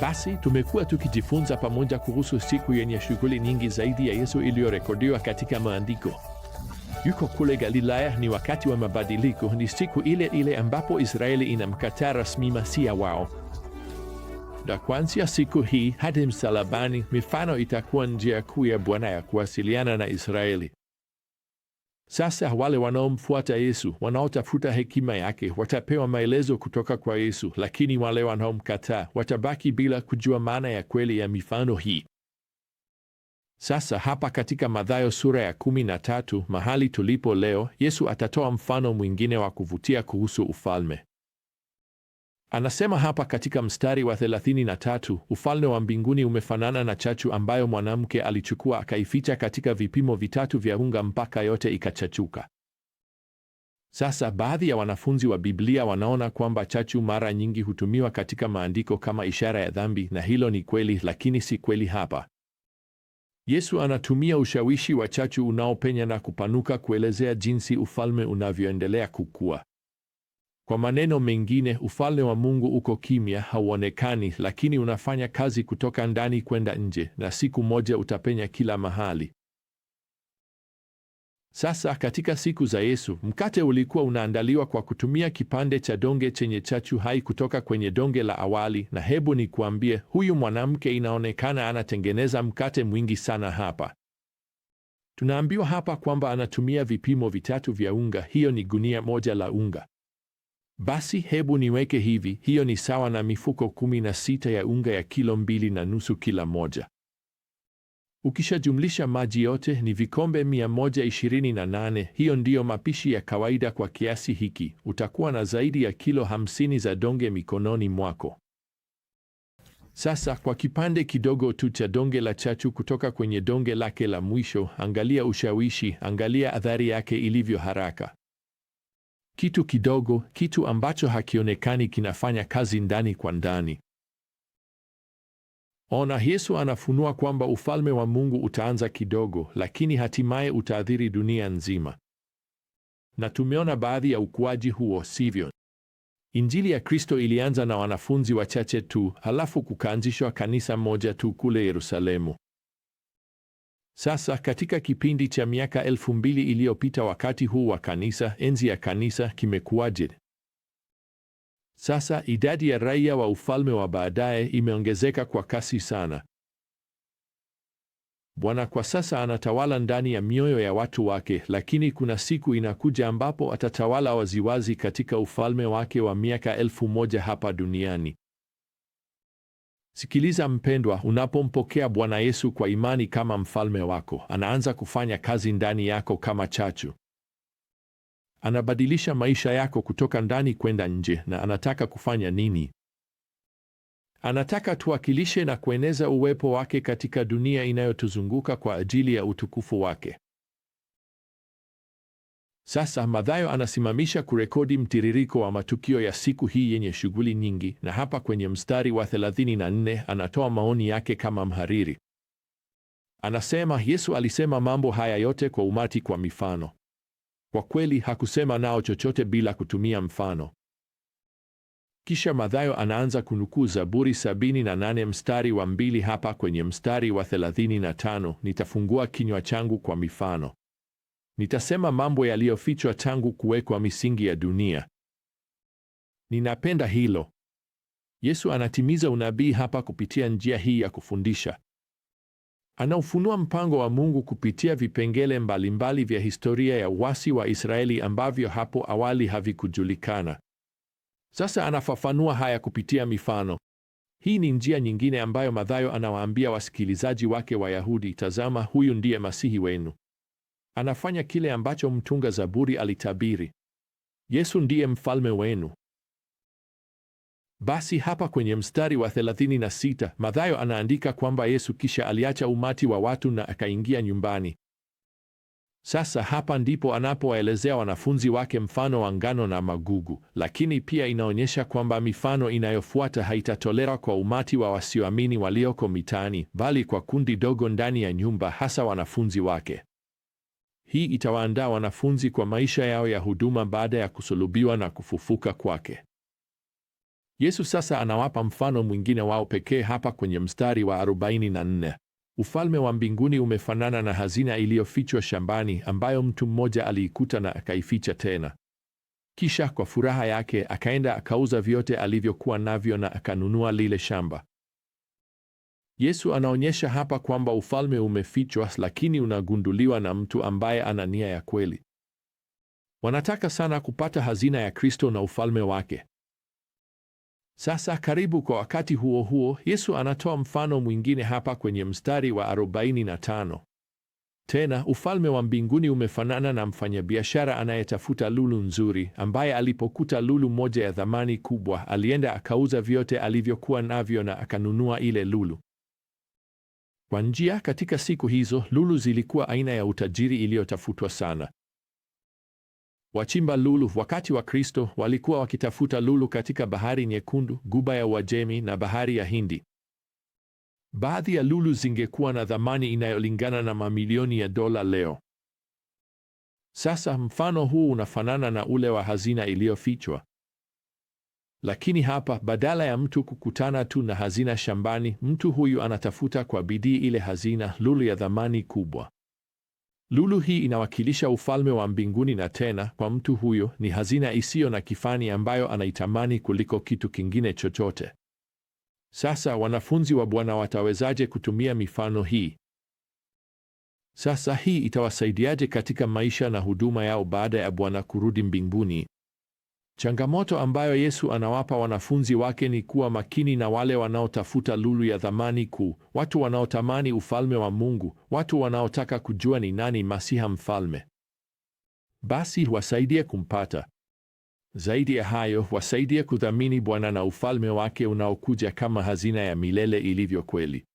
Basi tumekuwa tukijifunza pamoja kuhusu siku yenye shughuli nyingi zaidi ya Yesu iliyorekodiwa katika Maandiko. Yuko kule Galilaya, ni wakati wa mabadiliko, ni siku ile ile ambapo Israeli inamkataa rasmi Masia wao. Na kuanzia siku hii hadi msalabani, mifano itakuwa njia kuu ya Bwana ya kuwasiliana na Israeli. Sasa wale wanaomfuata Yesu, wanaotafuta hekima yake, watapewa maelezo kutoka kwa Yesu, lakini wale wanaomkataa watabaki bila kujua maana ya kweli ya mifano hii. Sasa hapa katika Mathayo sura ya kumi na tatu, mahali tulipo leo, Yesu atatoa mfano mwingine wa kuvutia kuhusu ufalme. Anasema hapa katika mstari wa 33, ufalme wa mbinguni umefanana na chachu ambayo mwanamke alichukua akaificha katika vipimo vitatu vya unga mpaka yote ikachachuka. Sasa baadhi ya wanafunzi wa Biblia wanaona kwamba chachu mara nyingi hutumiwa katika maandiko kama ishara ya dhambi, na hilo ni kweli, lakini si kweli hapa. Yesu anatumia ushawishi wa chachu unaopenya na kupanuka kuelezea jinsi ufalme unavyoendelea kukua. Kwa maneno mengine, ufalme wa Mungu uko kimya, hauonekani, lakini unafanya kazi kutoka ndani kwenda nje, na siku moja utapenya kila mahali. Sasa katika siku za Yesu, mkate ulikuwa unaandaliwa kwa kutumia kipande cha donge chenye chachu hai kutoka kwenye donge la awali, na hebu nikuambie, huyu mwanamke inaonekana anatengeneza mkate mwingi sana hapa. Tunaambiwa hapa kwamba anatumia vipimo vitatu vya unga, hiyo ni gunia moja la unga. Basi hebu niweke hivi, hiyo ni sawa na mifuko kumi na sita ya unga ya kilo mbili na nusu kila moja. Ukishajumlisha maji yote ni vikombe 128. Hiyo ndiyo mapishi ya kawaida kwa kiasi hiki. Utakuwa na zaidi ya kilo 50 za donge mikononi mwako. Sasa kwa kipande kidogo tu cha donge la chachu kutoka kwenye donge lake la mwisho, angalia ushawishi, angalia athari yake ilivyo haraka. Kitu kidogo, kitu ambacho hakionekani kinafanya kazi ndani kwa ndani. Ona, Yesu anafunua kwamba ufalme wa Mungu utaanza kidogo, lakini hatimaye utaathiri dunia nzima, na tumeona baadhi ya ukuaji huo, sivyo? Injili ya Kristo ilianza na wanafunzi wachache tu, halafu kukaanzishwa kanisa moja tu kule Yerusalemu. Sasa katika kipindi cha miaka elfu mbili iliyopita wakati huu wa kanisa, enzi ya kanisa, kimekuwaje? Sasa idadi ya raia wa ufalme wa baadaye imeongezeka kwa kasi sana. Bwana kwa sasa anatawala ndani ya mioyo ya watu wake, lakini kuna siku inakuja ambapo atatawala waziwazi katika ufalme wake wa miaka elfu moja hapa duniani. Sikiliza mpendwa, unapompokea Bwana Yesu kwa imani kama mfalme wako, anaanza kufanya kazi ndani yako kama chachu. Anabadilisha maisha yako kutoka ndani kwenda nje. Na anataka kufanya nini? Anataka tuwakilishe na kueneza uwepo wake katika dunia inayotuzunguka kwa ajili ya utukufu wake. Sasa Mathayo anasimamisha kurekodi mtiririko wa matukio ya siku hii yenye shughuli nyingi, na hapa kwenye mstari wa 34 anatoa maoni yake kama mhariri. Anasema Yesu alisema mambo haya yote kwa umati kwa mifano. Kwa kweli hakusema nao chochote bila kutumia mfano. Kisha Mathayo anaanza kunukuu Zaburi 78 mstari wa 2 hapa kwenye mstari wa 35, nitafungua kinywa changu kwa mifano. Nitasema mambo yaliyofichwa tangu kuwekwa misingi ya dunia. Ninapenda hilo. Yesu anatimiza unabii hapa kupitia njia hii ya kufundisha. Anaufunua mpango wa Mungu kupitia vipengele mbalimbali vya historia ya uasi wa Israeli ambavyo hapo awali havikujulikana. Sasa anafafanua haya kupitia mifano. Hii ni njia nyingine ambayo Mathayo anawaambia wasikilizaji wake Wayahudi, tazama, huyu ndiye Masihi wenu. Anafanya kile ambacho mtunga Zaburi alitabiri. Yesu ndiye mfalme wenu. Basi hapa kwenye mstari wa 36 Mathayo anaandika kwamba Yesu kisha aliacha umati wa watu na akaingia nyumbani. Sasa hapa ndipo anapowaelezea wanafunzi wake mfano wa ngano na magugu, lakini pia inaonyesha kwamba mifano inayofuata haitatolera kwa umati wa wasioamini walioko mitaani, bali kwa kundi dogo ndani ya nyumba, hasa wanafunzi wake. Hii itawaandaa wanafunzi kwa maisha yao ya huduma baada ya kusulubiwa na kufufuka kwake. Yesu sasa anawapa mfano mwingine wao pekee hapa kwenye mstari wa 44. Ufalme wa mbinguni umefanana na hazina iliyofichwa shambani ambayo mtu mmoja aliikuta na akaificha tena. Kisha kwa furaha yake akaenda akauza vyote alivyokuwa navyo na akanunua lile shamba. Yesu anaonyesha hapa kwamba ufalme umefichwa, lakini unagunduliwa na mtu ambaye ana nia ya kweli. Wanataka sana kupata hazina ya Kristo na ufalme wake. Sasa karibu kwa wakati huo huo, Yesu anatoa mfano mwingine hapa kwenye mstari wa 45. Tena ufalme wa mbinguni umefanana na mfanyabiashara anayetafuta lulu nzuri, ambaye alipokuta lulu moja ya thamani kubwa, alienda akauza vyote alivyokuwa navyo na akanunua ile lulu. Kwa njia, katika siku hizo lulu zilikuwa aina ya utajiri iliyotafutwa sana. Wachimba lulu wakati wa Kristo walikuwa wakitafuta lulu katika Bahari Nyekundu, Guba ya Uajemi na Bahari ya Hindi. Baadhi ya lulu zingekuwa na thamani inayolingana na mamilioni ya dola leo. Sasa mfano huu unafanana na ule wa hazina iliyofichwa. Lakini hapa badala ya mtu kukutana tu na hazina shambani, mtu huyu anatafuta kwa bidii ile hazina, lulu ya thamani kubwa. Lulu hii inawakilisha ufalme wa mbinguni, na tena kwa mtu huyo ni hazina isiyo na kifani ambayo anaitamani kuliko kitu kingine chochote. Sasa wanafunzi wa Bwana watawezaje kutumia mifano hii? Sasa hii itawasaidiaje katika maisha na huduma yao baada ya Bwana kurudi mbinguni? Changamoto ambayo Yesu anawapa wanafunzi wake ni kuwa makini na wale wanaotafuta lulu ya thamani kuu, watu wanaotamani ufalme wa Mungu, watu wanaotaka kujua ni nani Masiha mfalme. Basi wasaidie kumpata. Zaidi ya hayo, wasaidie kudhamini Bwana na ufalme wake unaokuja kama hazina ya milele ilivyo kweli.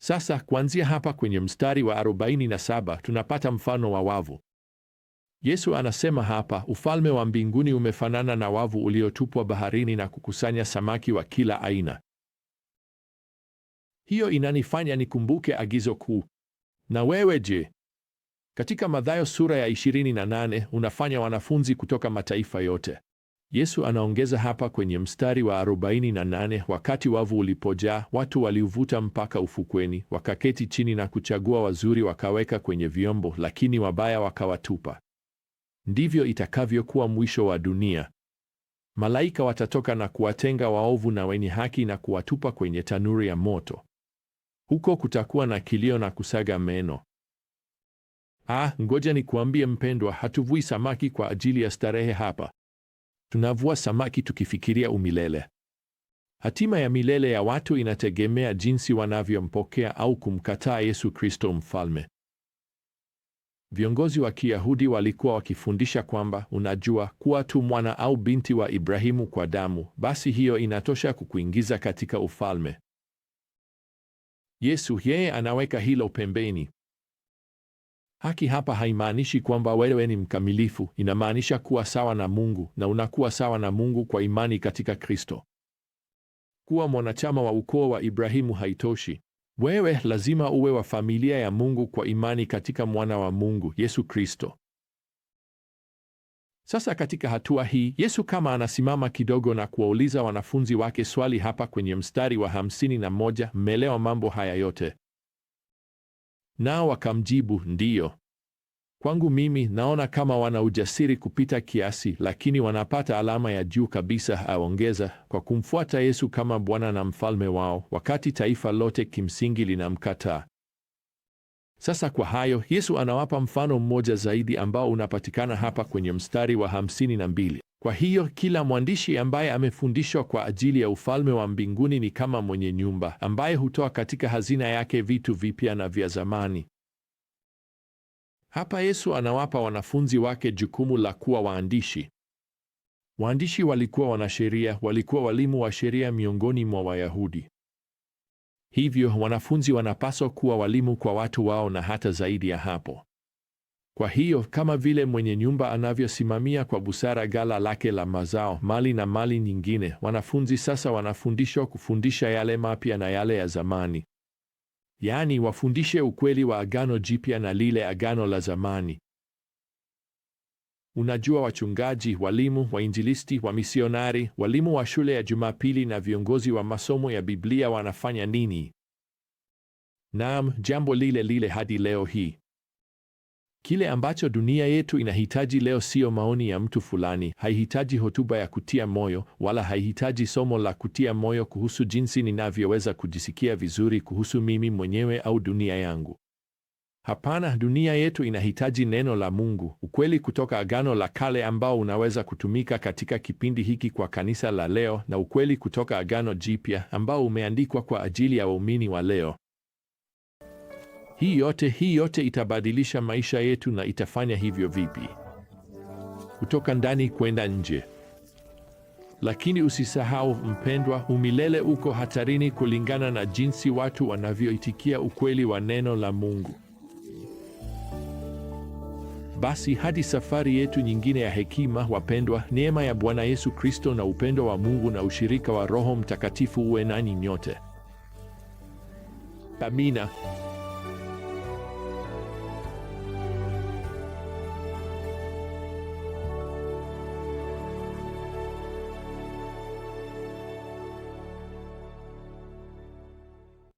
Sasa kuanzia hapa kwenye mstari wa 47 tunapata mfano wa wavu. Yesu anasema hapa, ufalme wa mbinguni umefanana na wavu uliotupwa baharini na kukusanya samaki wa kila aina. Hiyo inanifanya nikumbuke agizo kuu. Na wewe je? Katika Mathayo sura ya 28 unafanya wanafunzi kutoka mataifa yote. Yesu anaongeza hapa kwenye mstari wa 48, wakati wavu ulipojaa, watu waliuvuta mpaka ufukweni, wakaketi chini na kuchagua wazuri wakaweka kwenye vyombo, lakini wabaya wakawatupa ndivyo itakavyokuwa mwisho wa dunia. Malaika watatoka na kuwatenga waovu na wenye haki na kuwatupa kwenye tanuri ya moto. Huko kutakuwa na kilio na kusaga meno. Ah, ngoja ni kuambie mpendwa, hatuvui samaki kwa ajili ya starehe hapa. Tunavua samaki tukifikiria umilele. Hatima ya milele ya watu inategemea jinsi wanavyompokea au kumkataa Yesu Kristo mfalme. Viongozi wa Kiyahudi walikuwa wakifundisha kwamba unajua, kuwa tu mwana au binti wa Ibrahimu kwa damu, basi hiyo inatosha kukuingiza katika ufalme. Yesu yeye anaweka hilo pembeni. Haki hapa haimaanishi kwamba wewe ni mkamilifu, inamaanisha kuwa sawa na Mungu na unakuwa sawa na Mungu kwa imani katika Kristo. Kuwa mwanachama wa ukoo wa Ibrahimu haitoshi. Wewe lazima uwe wa familia ya Mungu kwa imani katika mwana wa Mungu Yesu Kristo. Sasa katika hatua hii Yesu kama anasimama kidogo na kuwauliza wanafunzi wake swali hapa kwenye mstari wa hamsini na moja, mmeelewa mambo haya yote? Nao wakamjibu ndiyo. Kwangu mimi naona kama wana ujasiri kupita kiasi, lakini wanapata alama ya juu kabisa, aongeza, kwa kumfuata Yesu kama Bwana na mfalme wao, wakati taifa lote kimsingi linamkataa. Sasa kwa hayo, Yesu anawapa mfano mmoja zaidi ambao unapatikana hapa kwenye mstari wa hamsini na mbili. Kwa hiyo kila mwandishi ambaye amefundishwa kwa ajili ya ufalme wa mbinguni ni kama mwenye nyumba ambaye hutoa katika hazina yake vitu vipya na vya zamani. Hapa Yesu anawapa wanafunzi wake jukumu la kuwa waandishi. Waandishi walikuwa wanasheria, walikuwa walimu wa sheria miongoni mwa Wayahudi. Hivyo wanafunzi wanapaswa kuwa walimu kwa watu wao na hata zaidi ya hapo. Kwa hiyo kama vile mwenye nyumba anavyosimamia kwa busara gala lake la mazao, mali na mali nyingine, wanafunzi sasa wanafundishwa kufundisha yale mapya na yale ya zamani yaani wafundishe ukweli wa Agano Jipya na lile Agano la zamani. Unajua, wachungaji, walimu, wainjilisti, wamisionari, walimu wa shule ya Jumapili na viongozi wa masomo ya Biblia wanafanya nini? Naam, jambo lile lile hadi leo hii. Kile ambacho dunia yetu inahitaji leo siyo maoni ya mtu fulani, haihitaji hotuba ya kutia moyo, wala haihitaji somo la kutia moyo kuhusu jinsi ninavyoweza kujisikia vizuri kuhusu mimi mwenyewe au dunia yangu. Hapana, dunia yetu inahitaji neno la Mungu, ukweli kutoka Agano la Kale ambao unaweza kutumika katika kipindi hiki kwa kanisa la leo, na ukweli kutoka Agano Jipya ambao umeandikwa kwa ajili ya waumini wa leo. Hii yote hii yote itabadilisha maisha yetu, na itafanya hivyo vipi? Kutoka ndani kwenda nje. Lakini usisahau mpendwa, umilele uko hatarini kulingana na jinsi watu wanavyoitikia ukweli wa neno la Mungu. Basi hadi safari yetu nyingine ya hekima, wapendwa, neema ya Bwana Yesu Kristo na upendo wa Mungu na ushirika wa Roho Mtakatifu uwe nanyi nyote. Amina.